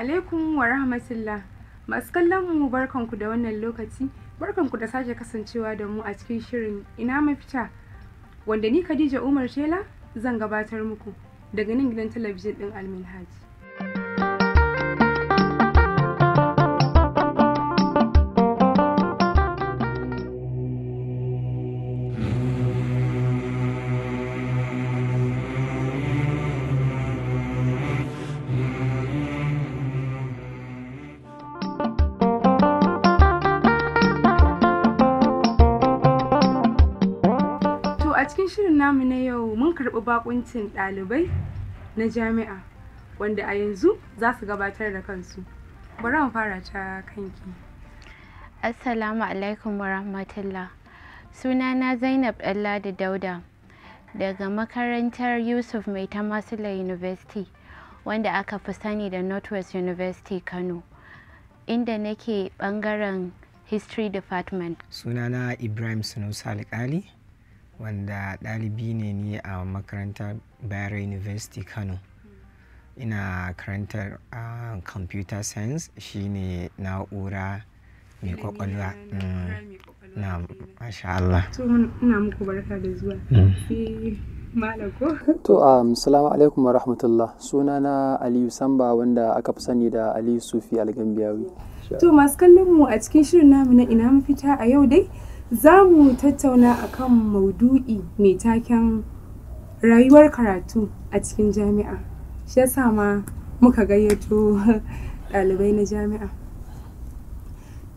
alaikum wa rahmatullah masu kallon mu barkanku da wannan lokaci barkanku da sake kasancewa da mu a cikin shirin ina mafita wanda ni Khadija Umar Shela zan gabatar muku daga nan gidan talabijin din Alminhaji namu na yau mun karɓi bakuncin ɗalibai na jami'a wanda a yanzu za su gabatar da kansu. Bari mu fara ta kanki. Assalamu alaikum wa rahmatullah. Sunana Zainab da Dauda daga makarantar Yusuf Mai ta Tamasula University wanda aka fi sani da Northwest University Kano inda nake ɓangaren History Department. Sunana Ibrahim Sunusa Alƙali. wanda ɗalibi ne ni a makarantar bayar university kano ina karantar ah, computer science shine na'ura mai kwakwalwa mm. na masha Allah. to ina muku barka da zuwa mm. To, um, salamu alaikum wa rahmatullah. Sunana Aliyu Samba wanda aka fi sani da Aliyu Sufi Algambiyawi. To, masu kallon mu a cikin shirin namu na ina mafita a yau dai, za mu tattauna akan maudu'i mai taken rayuwar karatu a cikin jami'a shi yasa ma muka gayyato ɗalibai na jami'a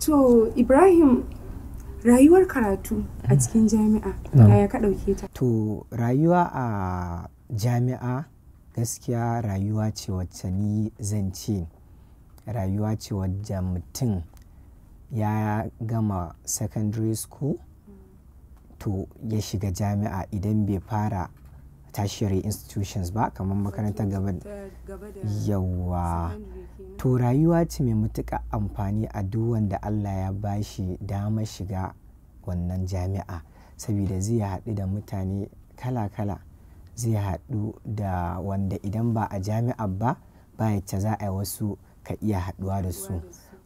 to ibrahim rayuwar karatu a cikin jami'a yaya ka ɗauke ta to rayuwa a jami'a gaskiya rayuwa ce wacce ni zan ce rayuwa ce wajen mutum ya gama secondary school to ya shiga jami'a idan bai fara tashiyar institutions ba kamar makarantar gaba yawa to rayuwa ce mai matuka amfani a duk wanda allah ya bashi dama shiga wannan jami'a saboda zai haɗu da mutane kala-kala zai haɗu da wanda idan ba a jami'a ba ba za a yi wasu ka iya haɗuwa da su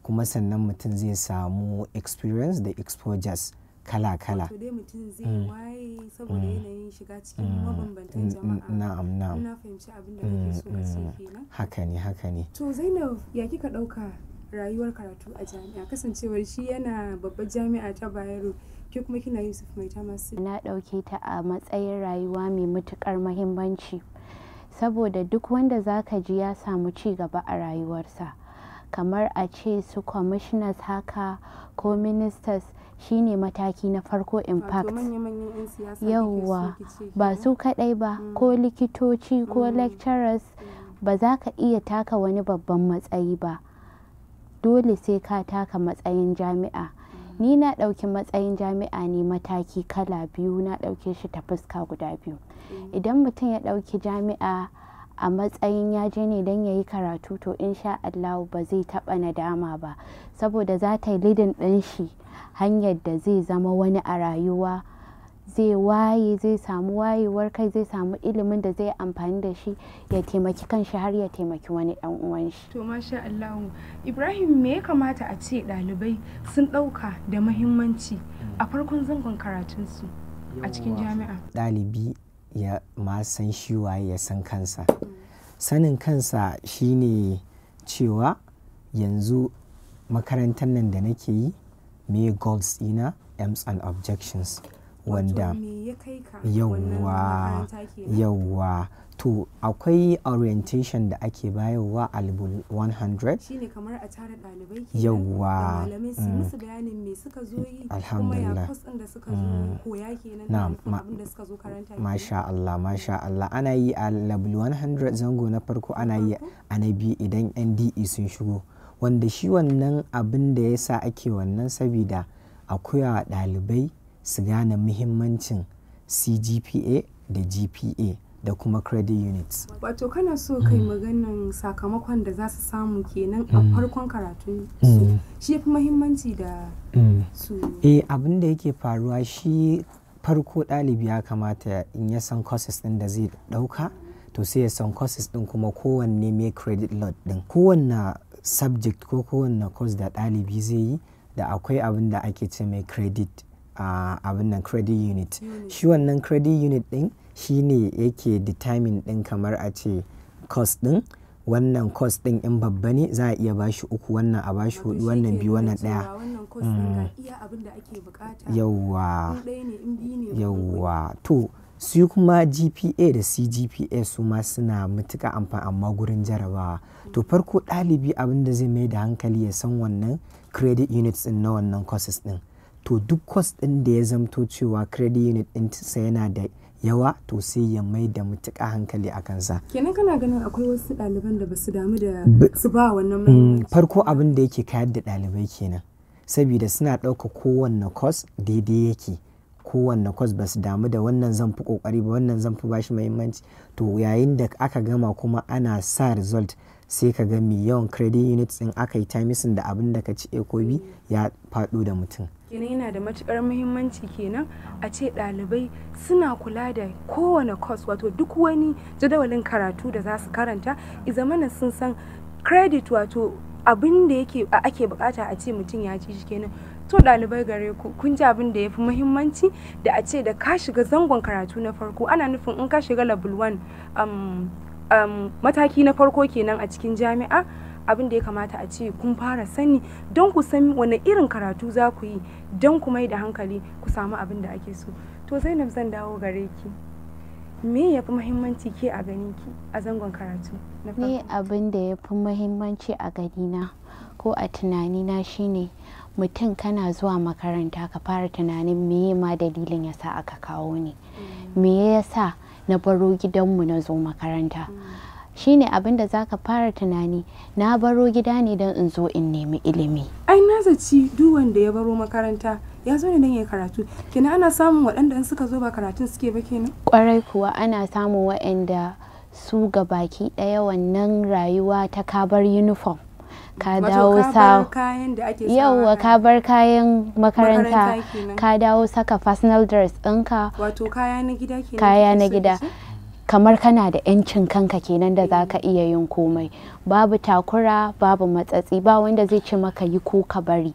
kuma sannan mutum zai samu experience da exposures kala-kala. dai mutum zai mm. waye saboda mm. yanayin shiga cikin mm. mabambantan jama'a. Na'am na'am. Na fahimci abin da kake so ka ce Haka ne haka ne. To Zainab ya kika ɗauka rayuwar karatu a jami'a kasancewar shi yana babbar jami'a ta Bayero ke kuma kina Yusuf mai ta masu. Na ɗauke ta a matsayin rayuwa mai matuƙar muhimmanci saboda duk wanda zaka ji ya samu ci gaba a rayuwarsa. kamar a ce su commissioners haka ko ministers shine mataki na farko impact yauwa ba su kadai ba mm. ko likitoci ko mm. lecturers mm. ba za ka iya taka wani babban matsayi ba dole sai ka taka matsayin jami'a ni na ɗauki matsayin jami'a ne mataki kala biyu na ɗauke shi ta fuska guda biyu idan mutum ya ɗauki jami'a a matsayin ya je ne don ya yi karatu to insha allahu ba zai taɓa nadama ba saboda za ta yi lidin ɗin shi hanyar da zai zama wani a rayuwa zai waye zai samu wayewar kai zai samu ilimin da zai amfani da shi ya taimaki kanshi har ya taimaki wani ɗan uwan shi to masha Allah Ibrahim me ya kamata a ce ɗalibai sun ɗauka da muhimmanci a farkon zangon karatunsu a cikin jami'a ɗalibi ya ma san shi waye ya san kansa sanin kansa shine cewa yanzu makarantar nan da nake yi me goals ina aims and objections wanda yauwa yauwa to akwai orientation da ake bayarwa albul 100 yawwa yauwa mm. alhamdulillah mm. na masha Allah masha Allah ana yi a 100 zango na farko ana yi a biyu idan NDE sun shigo wanda shi wannan abin da ya sa ake wannan sabida akwai ɗalibai su gane muhimmancin cgpa da gpa da kuma credit units wato kana so kai mm. maganin sakamakon da za su samu kenan a mm. farkon karatun su mm. shi fi muhimmanci da su eh abin da yake faruwa shi farko ɗalibi ya kamata in ya san courses ɗin da zai ɗauka to sai ya san courses ɗin kuma kowanne mai credit load ɗin kowanne subject ko kowanne course da ɗalibi zai yi da akwai abin da ake ce mai credit abin nan credit unit shi wannan credit unit din shi ne yake determine din kamar a ce cost din wannan cost din in babba ne za a iya bashi uku wannan a bashi hudu wannan biyu wannan daya yawwa yawwa to su kuma gpa da cgpa su ma suna matuka amfani amma gurin jarabawa to farko ɗalibi abin da zai mai da hankali ya san wannan credit units din na wannan courses din to duk kwas ɗin da ya zamto cewa credit unit ɗin sa yana da yawa to sai ya mai da mutuƙa hankali a kansa. Kenan kana ganin akwai wasu ɗaliban da ba su damu da su ba wannan mm, mai. Farko abin da yake kayar da ɗalibai kenan. Saboda suna ɗauka kowanne kwas daidai yake. Kowanne kwas ba su damu da wannan zan fi ƙoƙari ba wannan zan fi ba shi mahimmanci. To yayin da aka gama kuma ana sa result sai ka ga mai yawan credit unit ɗin aka yi tamisin da abin da ka ci ko ya faɗo da mutum. kenan yana da matukar muhimmanci kenan a ce ɗalibai suna kula da kowane course wato duk wani jadawalin karatu da za su karanta izamana sun san credit wato abin da yake ake bukata a ce mutum ya ci shi kenan to ɗalibai gare ku kun ji abin da ya fi muhimmanci da a ce da ka shiga zangon karatu na farko ana nufin in ka shiga level 1 um, um, mataki na farko kenan a cikin jami'a abin da ya kamata a ce kun fara sani don ku san wani irin karatu za ku yi don ku mai da hankali ku samu abin da ake so to zainab zan dawo gare ki me ya fi muhimmanci ke a gani ki a zangon karatu ne abin da ya fi muhimmanci a gani na ko a tunani na shine mutum kana zuwa makaranta ka fara tunanin me ma dalilin yasa aka kawo ni mm. me yasa na baro gidanmu na zo makaranta mm. shine abin da za ka fara tunani na baro gida ne don in zo in nemi ilimi ai na zaci duk wanda ya baro makaranta ya zo ne don ya karatu kina ana samun waɗanda in suka zo ba karatun suke ba kenan kwarai kuwa ana samun waɗanda su ga baki ɗaya wannan rayuwa ta kabar uniform ka dawo sa yauwa ka bar kayan makaranta ka dawo saka personal dress ɗinka wato kaya na gida kaya na gida kamar kana da 'yancin kanka kenan da za ka iya yin komai babu takura babu matsatsi ba wanda zai ce maka yi ko ka bari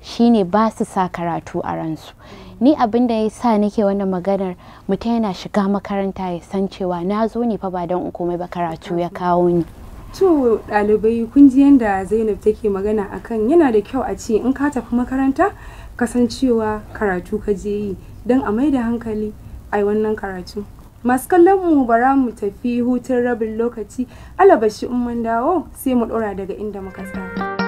shine ba su sa karatu a ransu ni abin da ya sa nake wannan maganar mutum yana shiga makaranta ya san cewa na zo ne fa ba don in komai ba karatu ya kawo ni to ɗalibai kun ji yadda zainab take magana akan yana da kyau a ce in ka tafi makaranta kasancewa karatu ka je yi don a mai da hankali ai wannan karatu masu kallon mu bara mu tafi hutun rabin lokaci alabashi in mun dawo sai mu ɗora daga inda muka tsaya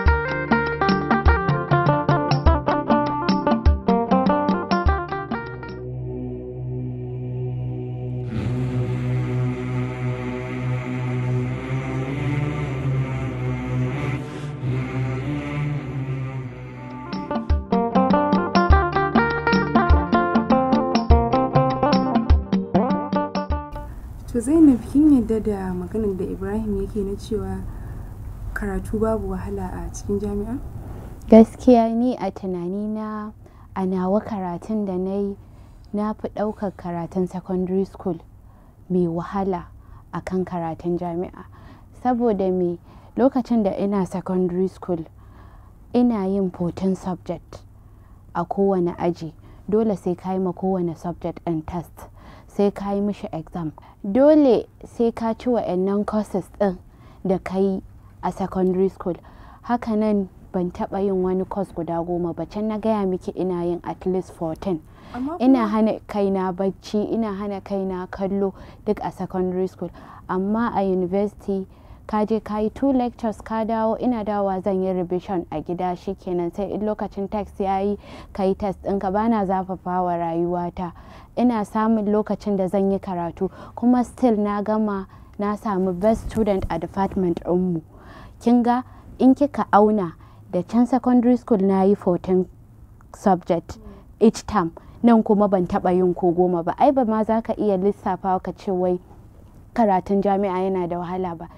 yarda da maganar da ibrahim yake na cewa karatu babu wahala a cikin jami'a gaskiya ni a tunani na a nawa karatun da na yi na fi ɗaukar karatun secondary school mai wahala a kan karatun jami'a saboda me lokacin da ina secondary school ina yin 14 subject a kowane aji dole sai kai ma kowane subject and test sai ka yi mishi exam dole sai ka ci wa'annan courses ɗin da ka yi a secondary school hakanan ban taɓa yin wani course guda goma ba can na gaya miki ina yin at least 14 ina hana kaina bacci ina hana kaina kallo duk a secondary school amma a university ka je ka yi two lectures ka dawo ina dawowa zan yi revision a gida shi kenan sai in lokacin tax ya yi ka yi test ɗinka bana zafafa wa rayuwata ina samun lokacin da zan yi karatu kuma still na gama na samu best student a department ɗinmu kin ga in kika auna da can secondary school na yi 14 subject each term nan kuma ban taɓa yin ko goma ba ai ba ma za ka iya lissafa ka ce wai karatun jami'a yana da wahala ba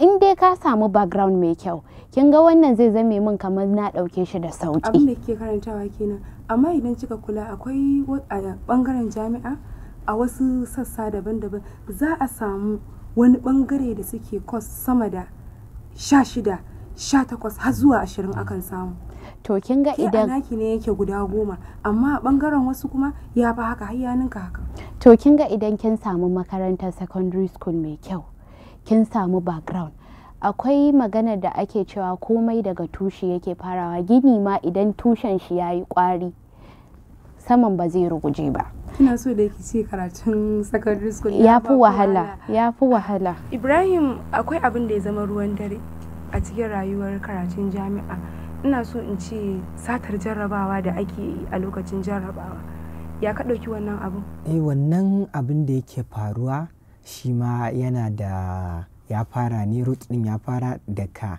in dai ka samu background mai kyau kin ga wannan zai zame min kamar na dauke shi da sauki abin da ke karantawa kenan amma idan kika kula akwai bangaren jami'a a wasu sassa daban-daban za a samu wani bangare da suke kos sama da sha shida sha takwas har zuwa ashirin akan samu to kin ga idan naki ne yake guda goma amma bangaren wasu kuma ya fi haka har ya ninka haka to kin ga idan kin samu makarantar secondary school mai kyau kin samu background akwai magana da ake cewa komai daga tushe yake farawa gini ma idan tushen shi ya yi kwari saman ba zai ruguje ba kina so da ki ce karatun secondary school ya fi wahala ya fi wahala ibrahim akwai abin da ya zama ruwan dare a cikin rayuwar karatun jami'a ina so in ce satar jarrabawa da ake yi a lokacin jarrabawa ya ka ɗauki wannan abin eh wannan abin da yake faruwa shi ma yana da ya fara ne root din ya fara daga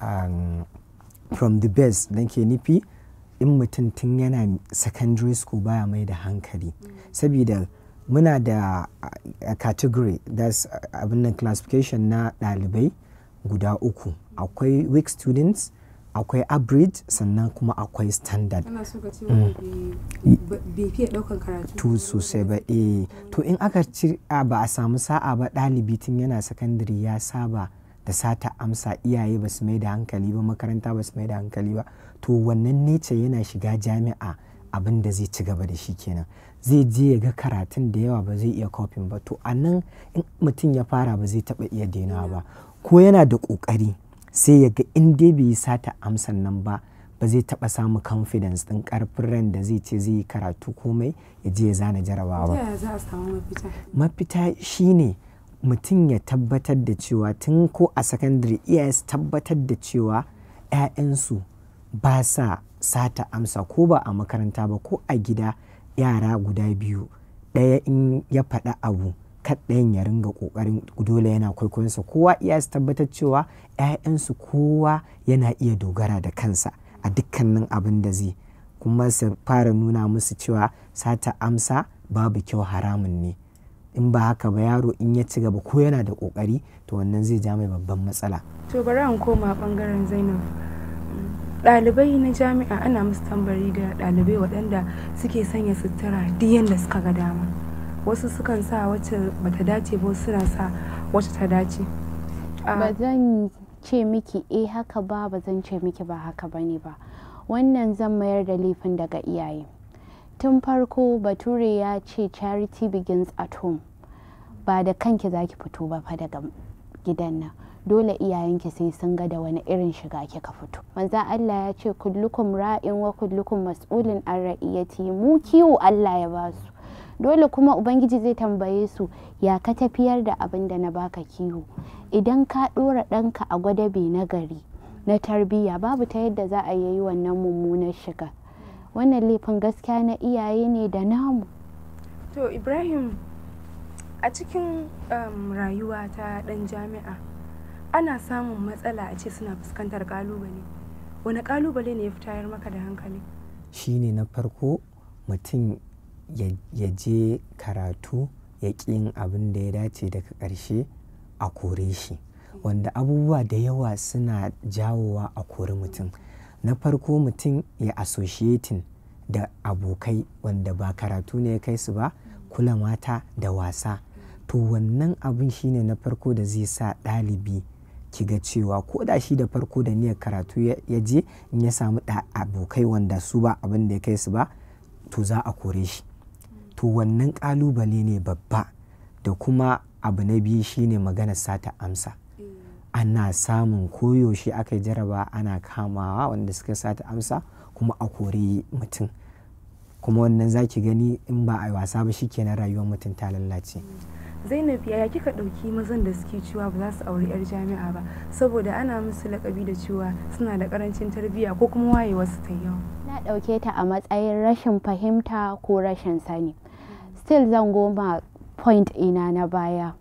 um, from the best don ke nufi in mutum tun yana secondary school baya mai da hankali saboda muna da uh, a category that's uh, abin nan classification na ɗalibai guda uku akwai weak students akwai average sannan kuma akwai standard so ce mm. to sosai ba eh to in aka ci ba a samu sa'a ba ɗalibi tun yana sakandare ya saba da sata amsa iyaye ba su mai da hankali ba makaranta ba su mai da hankali ba to wannan nece yana shiga jami'a abin da zai ci gaba da shi kenan zai je ya ga karatun da yawa ba zai iya kofin ba to a nan in mutum ya fara ba zai taɓa iya daina ba ko yana da ƙoƙari sai ya ga in dai bai yi sata amsan nan ba ba zai taɓa samu confidence din karfin ran da zai ce zai yi karatu komai ya je ya zana jarabawa mafita? Mafita shine mutum ya tabbatar da cewa tun ko a secondary iyaye su tabbatar da cewa 'ya'yansu ba sa sata amsa ko ba a makaranta ba ko a gida yara guda biyu ɗaya in ya faɗa abu kaɗayan ya ringa ƙoƙarin dole yana kwaikwayon sa kowa iya su tabbatar cewa 'ya'yansu kowa yana iya dogara da kansa a dukkanin abin da zai kuma su fara nuna musu cewa sata amsa babu kyau haramun ne in ba haka ba yaro in ya ci gaba ko yana da ƙoƙari to wannan zai ja mai babban matsala to bari an koma bangaren zainab ɗalibai na jami'a ana musu tambari da ɗalibai waɗanda suke sanya sutura duk yadda suka ga dama wasu sukan sa wacce bata dace ba suna sa wacce ta dace ba zan ce miki eh haka ba ba zan ce miki ba haka ba ne ba wannan zan mayar da laifin daga iyaye tun farko bature ya ce charity begins at home ba da kanki za ki fito ba fa daga gidan nan dole iyayenki sai sun ga da wani irin shiga kika fito manzo Allah ya ce kullukum ra'in wa kullukum mas'ulin an ra'iyati mu kiwo Allah ya basu dole kuma ubangiji zai tambaye su ya ka tafiyar da abin da na baka kiwo idan ka ɗora ɗanka a gwadabe na gari na tarbiyya babu ta yadda za a yi wannan mummunar shiga wannan laifin gaskiya na iyaye ne da namu to ibrahim a cikin um, rayuwa ta ɗan jami'a ana samun matsala a ce suna fuskantar kalubale wani kalubale ne ya fi tayar maka da hankali shi ne na farko mutum ya je karatu ya ƙin abin da ya dace daga ƙarshe a kore shi wanda abubuwa da yawa suna jawowa a kori mutum na farko mutum ya associating da abokai wanda ba karatu ne ya kai su ba kula mata da wasa to wannan abin shine na farko da zai sa ɗalibi kiga cewa ko da shi da farko da niyyar karatu ya je in ya samu abokai wanda su ba abin da ya kai su ba to za a kore shi to wannan kalubale ne babba da kuma abu na biyu shine magana sata amsa mm. ana samun koyaushe aka jaraba ana kamawa wanda suka sata amsa kuma a kori mutum kuma wannan zaki gani in ba a wasa ba shi shikenan rayuwar mutum ta lallace mm. zainab yaya kika ɗauki mazan da suke cewa ba za su auri 'yar jami'a ba saboda ana musu lakabi da cewa suna da karancin tarbiyya ko kuma wayewa su ta yawa na ɗauke ta a matsayin rashin fahimta ko rashin sani still zan goma point ina na baya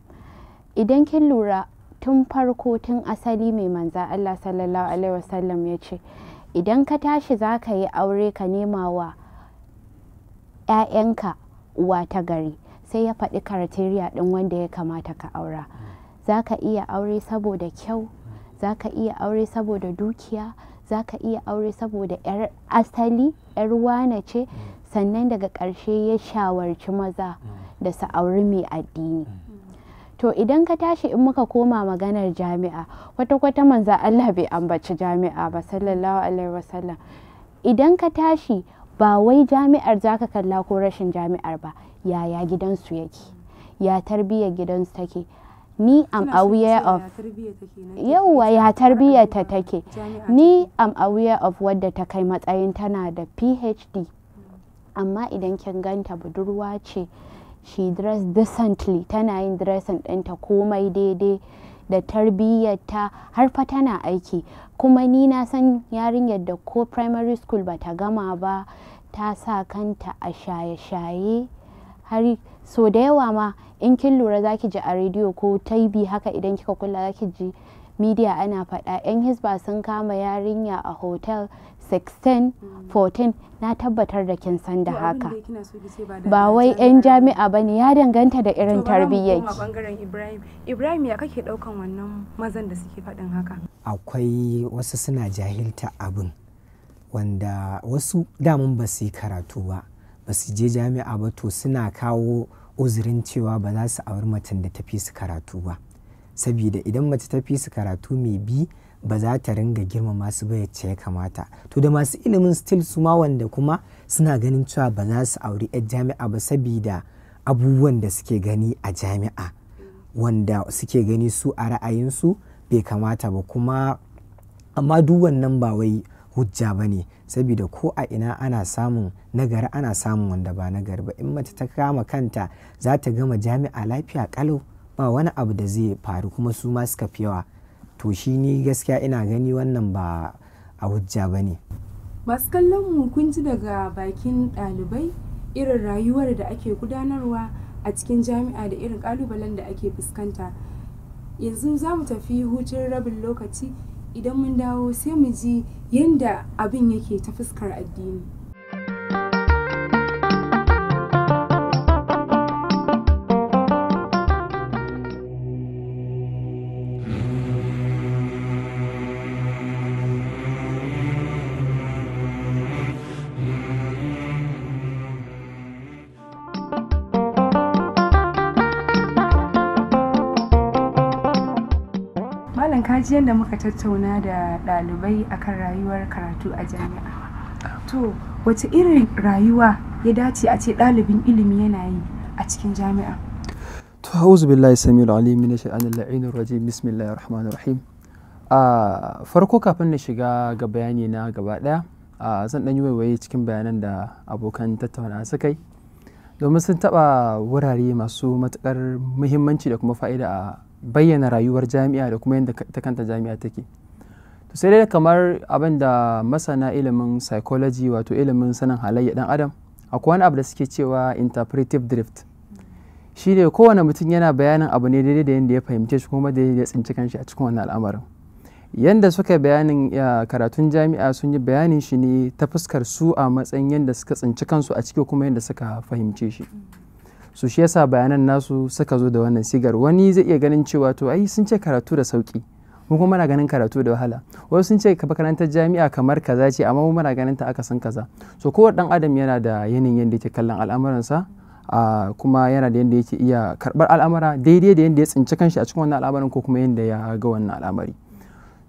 idan kin lura tun farko tun asali mai manza Allah sallallahu alaihi wasallam ya ce idan ka tashi za ka yi aure ka nema wa 'ya'yanka uwa ta gari sai ya faɗi karateriya ɗin wanda ya kamata ka aura za ka iya aure saboda kyau za ka iya aure saboda dukiya za ka iya aure saboda 'yar asali 'yar wane ce sannan daga ƙarshe ya shawarci maza da su auri mai addini to idan ka tashi in muka koma maganar jami'a kwata-kwata manza Allah bai ambaci jami'a ba sallallahu alaihi wasallam idan ka tashi ba wai jami'ar zaka kalla ko rashin jami'ar ba yaya gidansu yake ya tarbiyyar gidansu take ni am aware of yauwa ya tarbiyyar ta take ni am aware of wadda ta kai matsayin tana da phd amma idan kin ganta budurwa ce she dress decently tana yin dressing ɗinta komai daidai da tarbiyyarta har fa tana aiki kuma ni na san yarinyar da ko primary school ba ta gama ba ta sa kanta a shaye-shaye har so da yawa ma in kin lura zaki ji a rediyo ko taibi haka idan kika kula zaki ji media ana faɗa 'yan hisba sun kama yarinya a hotel 16 14 na tabbatar da kin san da haka ba wai 'yan jami'a ba ne ya danganta da irin tarbiyyar ibrahim ibrahim ya kake daukan wannan mazan da suke faɗin haka akwai wasu suna jahilta abin wanda wasu damun ba su yi karatu ba ba su je jami'a ba to suna kawo uzurin cewa ba za su auri mutum da tafi su karatu ba saboda idan mace ta fi su karatu mai bi ba za ta ringa girmama su ba yacce ya kamata to da masu ilimin stil su ma wanda kuma suna ganin cewa ba za su auri 'yar jami'a ba saboda abubuwan da suke gani a jami'a wanda suke gani su a ra'ayinsu bai kamata ba kuma amma duk wannan ba wai hujja ba ne saboda ko a ina ana samun nagari ana samun wanda ba nagari ba in mace ta kama kanta za ta gama jami'a lafiya kalau ba wani abu da zai faru kuma su ma suka fi yawa to shi ni gaskiya ina gani wannan ba a hujja ba ne masu kallon mu kun ji daga bakin ɗalibai irin rayuwar da ake gudanarwa a cikin jami'a da irin ƙalubalen da ake fuskanta yanzu za mu tafi hutun rabin lokaci idan mun dawo sai mu ji yadda abin yake ta fuskar addini da muka tattauna da ɗalibai akan rayuwar karatu a jami'a to wace irin rayuwa ya dace a ce ɗalibin ilimi yana yi a cikin jami'a to hauzu billahi samiul alim min shaitanir la'inir rajim bismillahir rahmanir rahim a farko kafin na shiga ga bayani na gaba daya zan dan yi waiwaye cikin bayanan da abokan tattauna suka yi domin sun taɓa wurare masu matukar muhimmanci da kuma fa'ida a bayyana rayuwar jami'a da kuma yadda ta kanta jami'a take to sai dai kamar abin da masana ilimin psychology wato ilimin sanin halayya dan adam akwai wani abu da suke cewa interpretive drift shi ne kowane mutum yana bayanin abu ne daidai da yadda ya fahimce shi kuma da ya tsinci kanshi a cikin wannan al'amarin yadda suka bayanin karatun jami'a sun yi bayanin shi ne ta fuskar su a matsayin yadda suka tsinci kansu a ciki kuma yadda suka fahimce shi su shi yasa bayanan nasu suka zo da wannan sigar wani zai iya ganin cewa to ai sun ce karatu da sauki mu kuma muna ganin karatu da wahala wasu sun ce makarantar jami'a kamar kaza ce amma mu muna ganin ta akasin kaza so kowane dan adam yana da yanayin yadda yake kallon al'amuransa kuma yana da yadda yake iya karbar al'amura daidai da yadda ya tsinci kanshi a cikin wannan al'amarin ko kuma yadda ya ga wannan al'amari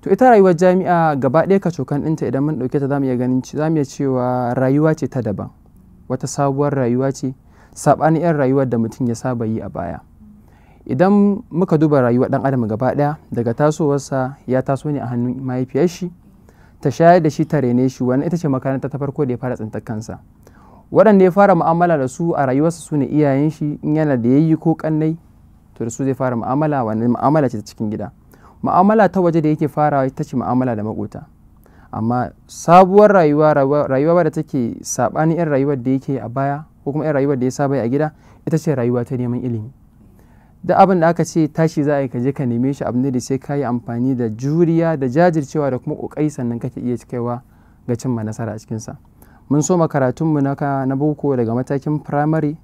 to ita rayuwar jami'a gaba ɗaya ka cokan ɗinta idan mun ɗauke ta za mu iya ganin za iya cewa rayuwa ce ta daban wata sabuwar rayuwa ce saɓanin 'yan rayuwar da mutum ya saba yi a baya idan muka duba rayuwar ɗan adam gaba ɗaya daga tasowarsa ya taso ne a hannun mahaifiyar shi ta shayar da shi ta rene shi wani ita ce makaranta ta farko da ya fara tsintar kansa waɗanda ya fara mu'amala da su a rayuwarsa su ne iyayen shi in yana da yayi ko kannai to da su zai fara mu'amala wani mu'amala ce ta cikin gida mu'amala ta waje da yake fara ita ce mu'amala da makota amma sabuwar rayuwa rayuwa da take saɓanin yan rayuwar da yake a baya ko kuma 'yan rayuwar da ya saba a gida ita ce rayuwa ta neman ilimi da abin da aka ce tashi za a yi je ka neme shi ne da sai ka yi amfani da juriya da jajircewa da kuma kokari sannan kake iya kaiwa ga cimma nasara a cikinsa mun so makaratunmu na boko daga matakin primary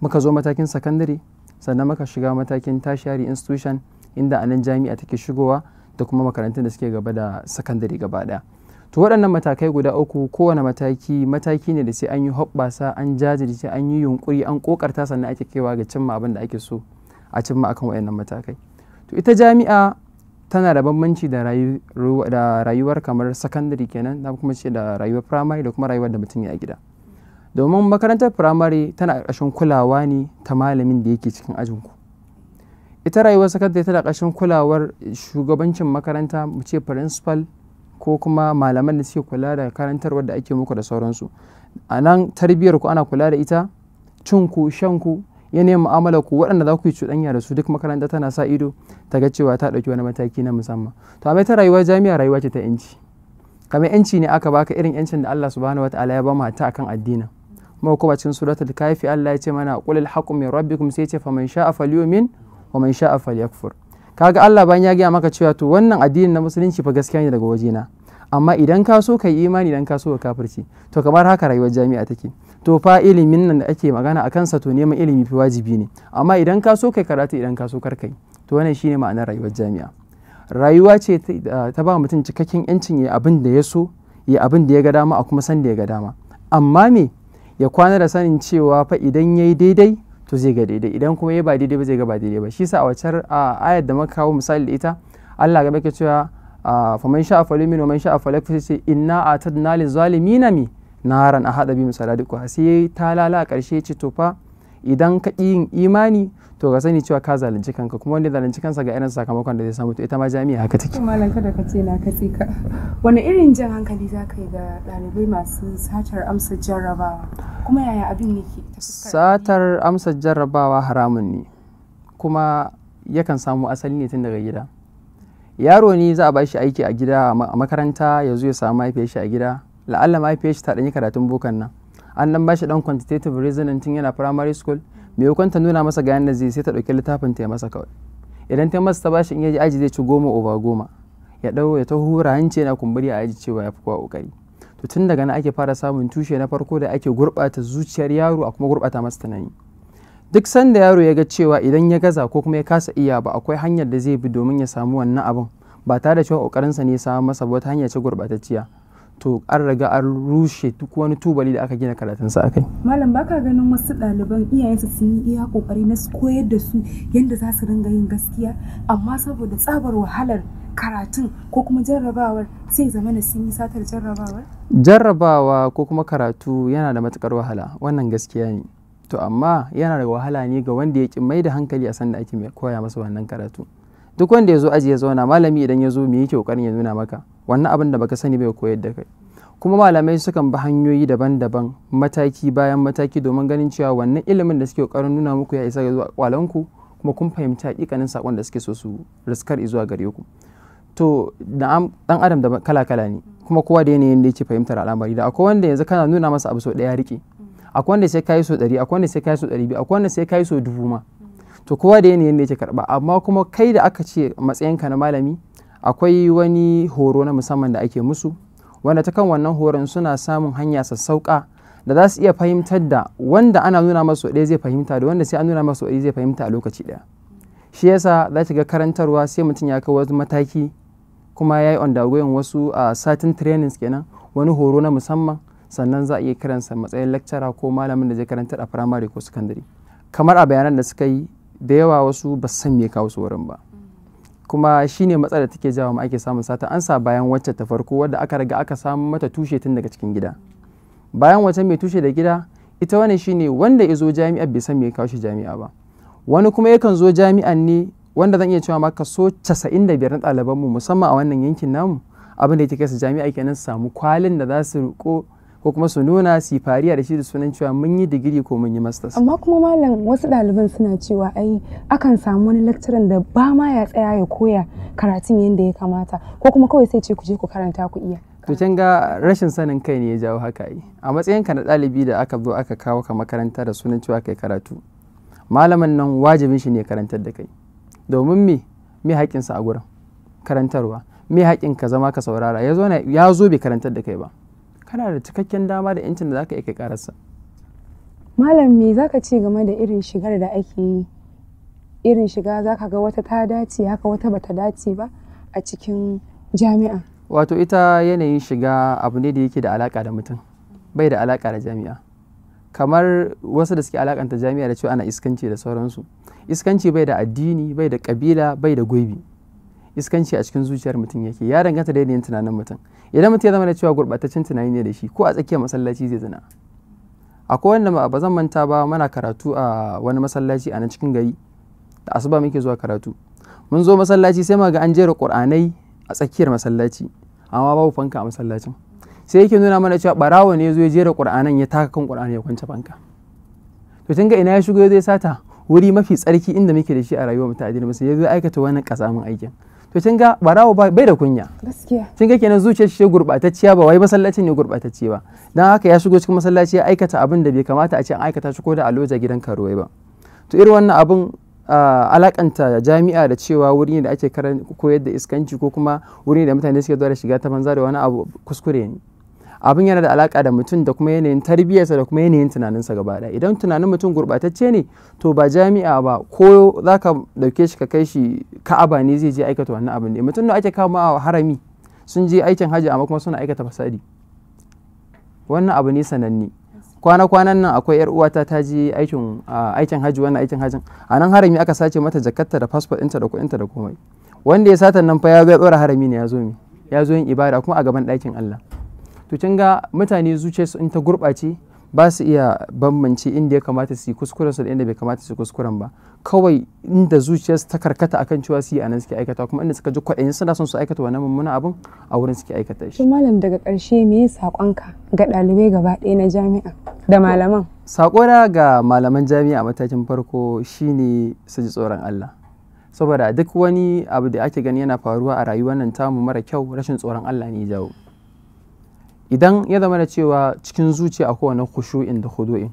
muka zo matakin secondary sannan muka shiga matakin tertiary institution inda anan jami'a take shigowa da kuma makarantun da suke gaba da secondary gaba daya to waɗannan matakai guda uku kowane mataki mataki ne da sai an yi hoɓɓasa an jajirce an yi yunƙuri an ƙoƙarta sannan ake kaiwa ga cimma abin da ake so a cimma akan waɗannan matakai to ita jami'a tana da bambanci da rayuwar kamar sakandare kenan na kuma ce da rayuwar firamare da kuma rayuwar da mutum ya a gida domin makarantar firamare tana ƙarƙashin kulawa ne ta malamin da yake cikin ajinku ita rayuwar sakandare tana ƙarshen kulawar shugabancin makaranta mu ce principal ko kuma malaman da suke kula da karantarwar da ake muku da sauransu a nan tarbiyyar ku ana kula da ita cin ku shan ku yanayin mu'amala ku waɗanda za ku yi cuɗanya da su duk makaranta tana sa ido ta ga cewa ta ɗauki wani mataki na musamman to amma ta rayuwa jami'a rayuwa ce ta yanci kamar yanci ne aka baka irin yancin da Allah subhanahu wataala ya ba mu hatta akan addinin kuma kuma cikin suratul kafi Allah ya ce mana qulil haqqu min rabbikum sai ya ce faman sha'a falyu'min wa man sha'a falyakfur kaga Allah bayan ya gaya maka cewa to wannan addinin na musulunci fa gaskiya ne daga waje na, amma idan ka so kai imani idan ka so ka kafirci to kamar haka rayuwar jami'a take to fa ilimin nan da ake magana akan sa to neman ilimi fi wajibi ne amma idan ka so kai karatu idan ka so kar kai to wannan shine ma'anar rayuwar jami'a rayuwa ce ta ba mutum cikakken yancin ya abin da ya so ya abin da ya ga dama a kuma san da ya ga dama amma me ya kwana da sanin cewa fa idan yayi daidai to zai ga daidai idan kuma ya ba daidai ba zai ga ba daidai ba shi sa a wacce ayar da muka kawo misali da ita Allah ga ke cewa fa man sha'a falumin wa man sha'a falak sai inna atadna lil zalimina mi naran a hada bi misaladiku sai ta lala a karshe ce to fa idan ka yin imani to ka sani cewa ka zalunci kanka kuma wanda zalunci kansa ga irin sakamakon da zai samu to ita ma jami'a haka take malam kada ka ce na katse ka wani irin jan hankali za ka yi ga ɗalibai masu satar amsa jarrabawa kuma yaya abin yake satar amsa jarrabawa haramun ne kuma yakan samu asali ne tun daga gida yaro ne za a ba shi aiki a gida a makaranta yanzu ya samu mahaifiyar shi a gida la'alla mahaifiyar shi ta ɗanyi karatun bukan nan an dan bashi dan quantitative reasoning tun yana primary school mai ta nuna masa ga yanda zai sai ta dauki littafin ta ya masa kawai idan ta masa ta bashi in yaji aji zai ci goma over goma ya dau ya ta hura hanci yana kumburi a aji cewa ya fi kowa kokari to tun daga nan ake fara samun tushe na farko da ake gurbata zuciyar yaro a kuma gurbata masa tunani duk sanda yaro ya ga cewa idan ya gaza ko kuma ya kasa iya ba akwai hanyar da zai bi domin ya samu wannan abin ba tare da cewa kokarinsa ne ya samu masa ba wata hanya ce gurbatacciya to an riga an rushe duk wani tubali da aka gina karatun sa kai. Malam baka ganin wasu ɗaliban iyayensu sun yi iya kokari na koyar da su yadda za su ringa yin gaskiya amma saboda tsabar wahalar karatun ko kuma jarrabawar sai zama na sun yi satar jarrabawar? Jarrabawa ko kuma karatu yana da matukar wahala wannan gaskiya ne. To amma yana da wahala ne ga wanda ya ki mai da hankali a sanda ake koya masa wannan karatu. duk wanda ya zo aji ya zauna malami idan ya zo me yake kokarin ya nuna maka wannan abin da baka sani bai koyar da kai kuma malamai sukan bi hanyoyi daban-daban mataki bayan mataki domin ganin cewa wannan ilimin da suke kokarin nuna muku ya isa ga zuwa kwalanku kuma kun fahimci hakikanin sakon da suke so su riskar zuwa gare ku to dan adam da kala-kala ne kuma kowa da yanayin da yake fahimtar al'amari da akwai wanda yanzu kana nuna masa abu sau daya rike akwai wanda sai kai so 100 akwai wanda sai kai so 200 akwai wanda sai kai so dubu ma to kowa da yanayin da yake karba amma kuma kai da aka ce matsayinka na malami akwai wani horo na musamman da ake musu wanda ta kan wannan horon suna samun hanya sassauƙa da za su iya fahimtar da wanda ana nuna masu ɗaya zai fahimta da wanda sai an nuna masu ɗaya zai fahimta a lokaci ɗaya shi yasa za ki ga karantarwa sai mutum ya kai wasu mataki kuma ya yi ondagoyin wasu a ah, satin trainings kenan wani horo na musamman sannan za a iya kiransa matsayin lecturer ko malamin da zai karantar a primary ko secondary kamar a bayanan da suka yi da yawa wasu ba san me kawo su wurin ba kuma shine matsalar take jawo ake samun sata an sa bayan wacce ta farko wadda aka riga aka samu mata tushe tun daga cikin gida bayan wacce mai tushe da gida ita wani shine wanda ya zo jami'a bai san me kawo shi jami'a ba wani kuma yakan zo jami'an ne wanda zan iya cewa ma kaso 95 na ɗalibanmu musamman a wannan yankin namu abin da yake kai su jami'a kenan su samu kwalin da za su riko ko kuma su nuna su fariya da shi da sunan cewa mun yi digiri ko mun yi masters amma kuma malam wasu ɗaliban suna cewa ai akan samu wani lecturer da ba ma ya tsaya ya koya karatun yadda ya kamata ko kuma kawai sai ce ku je ku karanta ku iya to can ga rashin sanin kai ne ya jawo haka yi a matsayin ka na ɗalibi da aka zo aka kawo ka makaranta da sunan cewa kai karatu malamin nan wajibin shi ne karantar da kai domin me me haƙƙinsa a gurin karantarwa me haƙƙin ka zama ka saurara ya zo bai karantar da kai ba kana da cikakken dama da 'yancin da zaka iya karasa. malam me zaka ce game da irin shigar da ake yi irin shiga zaka ga wata ta dace haka wata bata dace ba a cikin jami'a wato ita yanayin shiga abu ne da yake da alaka da mutum bai da alaka da jami'a kamar wasu da suke alakanta jami'a da cewa ana iskanci da sauransu iskanci bai da addini bai da kabila bai da gwaibi. iskanci a cikin zuciyar mutum yake ya danganta da tunanin mutum idan mutum ya zama da cewa gurɓataccen tunani ne da shi ko a tsakiyar masallaci zai zina akwai wanda ba zan manta ba muna karatu a wani masallaci a nan cikin gari da asuba muke zuwa karatu mun zo masallaci sai ga an jera qur'anai a tsakiyar masallaci amma babu fanka a masallacin sai yake nuna mana cewa barawo ne ya zo ya jera qur'anan ya taka kan qur'ani ya kwance fanka to tun ga ina ya shigo ya zai ya sata wuri mafi tsarki inda muke da shi a rayuwar mu ta musu ya zo aikata wannan kasamin aikin to kin ga barawo bai da kunya gaskiya ga kenan zuciyar shi gurbatacciya ba wai masallacin ne gurbatacce ba dan haka ya shigo cikin masallaci ya aikata abin da bai kamata a ce an aikata shi ko da aloja gidan karuwai ba to irin wannan abin alakanta jami'a da cewa wuri ne da ake koyar da iskanci ko kuma wuri ne da mutane suke zuwa da shiga ta banza da wani abu kuskure ne abin yana da alaka da mutum da kuma yanayin tarbiyyarsa da kuma yanayin tunaninsa gaba ɗaya idan tunanin mutum gurɓatacce ne to ba jami'a ba ko za ka ɗauke shi ka kai shi ka'aba ne zai je aikata wannan abin ne mutum da ake kama a harami sun je aikin hajji amma kuma suna aikata fasadi wannan abu ne sananne kwana-kwanan nan akwai yar uwata ta je aikin aikin hajji wannan aikin hajjin a nan harami aka sace mata jakarta da fasfot ɗinta da kuɗinta da komai wanda ya sata nan fa ya ga tsora harami ne ya zo ya zo yin ibada kuma a gaban ɗakin Allah to can ga mutane zuciyarsu in ta gurɓace ba su iya bambance inda ya kamata su yi kuskuren su da inda bai kamata su kuskuren ba kawai inda zuciyarsu ta karkata akan cewa su yi anan suke aikata kuma inda suka ji kwaɗayin suna son su aikata wannan mummuna abin a wurin suke aikata shi. malam daga karshe me ya saƙonka ga ɗalibai gaba ɗaya na jami'a da malaman. saƙona ga malaman jami'a a matakin farko shine su ji tsoron Allah. saboda duk wani abu da ake gani yana faruwa a rayuwar nan tamu mara kyau rashin tsoron Allah ne ya jawo. idan ya zama da cewa cikin zuciya akwai wannan khushu'in da khudu'in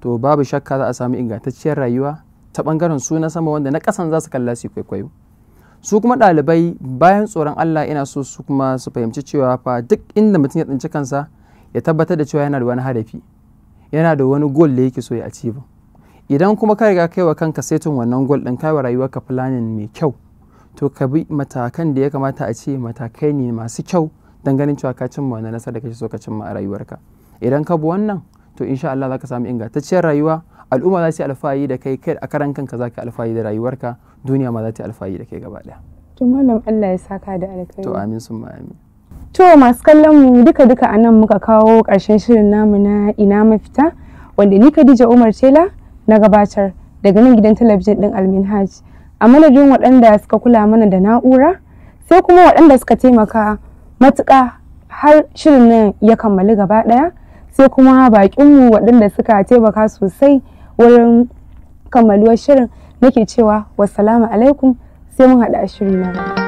to babu shakka za a samu ingantacciyar rayuwa ta bangaren su na sama wanda na kasan za su kalla su kwaikwayo su kuma dalibai bayan tsoron Allah ina so su kuma su fahimci cewa fa duk inda mutum ya tsinci kansa ya tabbatar da cewa yana da wani hadafi yana da wani gol da yake so ya achieve idan kuma ka riga kaiwa kanka setin wannan gol din kaiwa ka planning mai kyau to ka bi matakan da ya kamata a ce matakai ne masu kyau don ganin cewa ka cimma wannan nasarar da kake so ka cimma a rayuwarka idan ka bi wannan to insha Allah zaka samu ingantacciyar rayuwa al'umma za su yi alfahari da kai kai a karan kanka za ka alfahari da rayuwarka duniya ma za ta yi alfahari da kai gaba ɗaya. to malam Allah ya saka da alkhairi to amin sun ma amin to masu kallon mu duka duka anan muka kawo karshen shirin namu na ina mafita wanda ni Khadija Umar Tela na gabatar daga nan gidan talabijin din Alminhaj a madadin waɗanda suka kula mana da na'ura sai kuma waɗanda suka taimaka matuƙa har shirin nan ya kammali gaba ɗaya sai kuma baƙinmu waɗanda suka taimaka sosai wurin kammaluwar shirin nake cewa wasu alaikum sai mun haɗa shiri na gaba.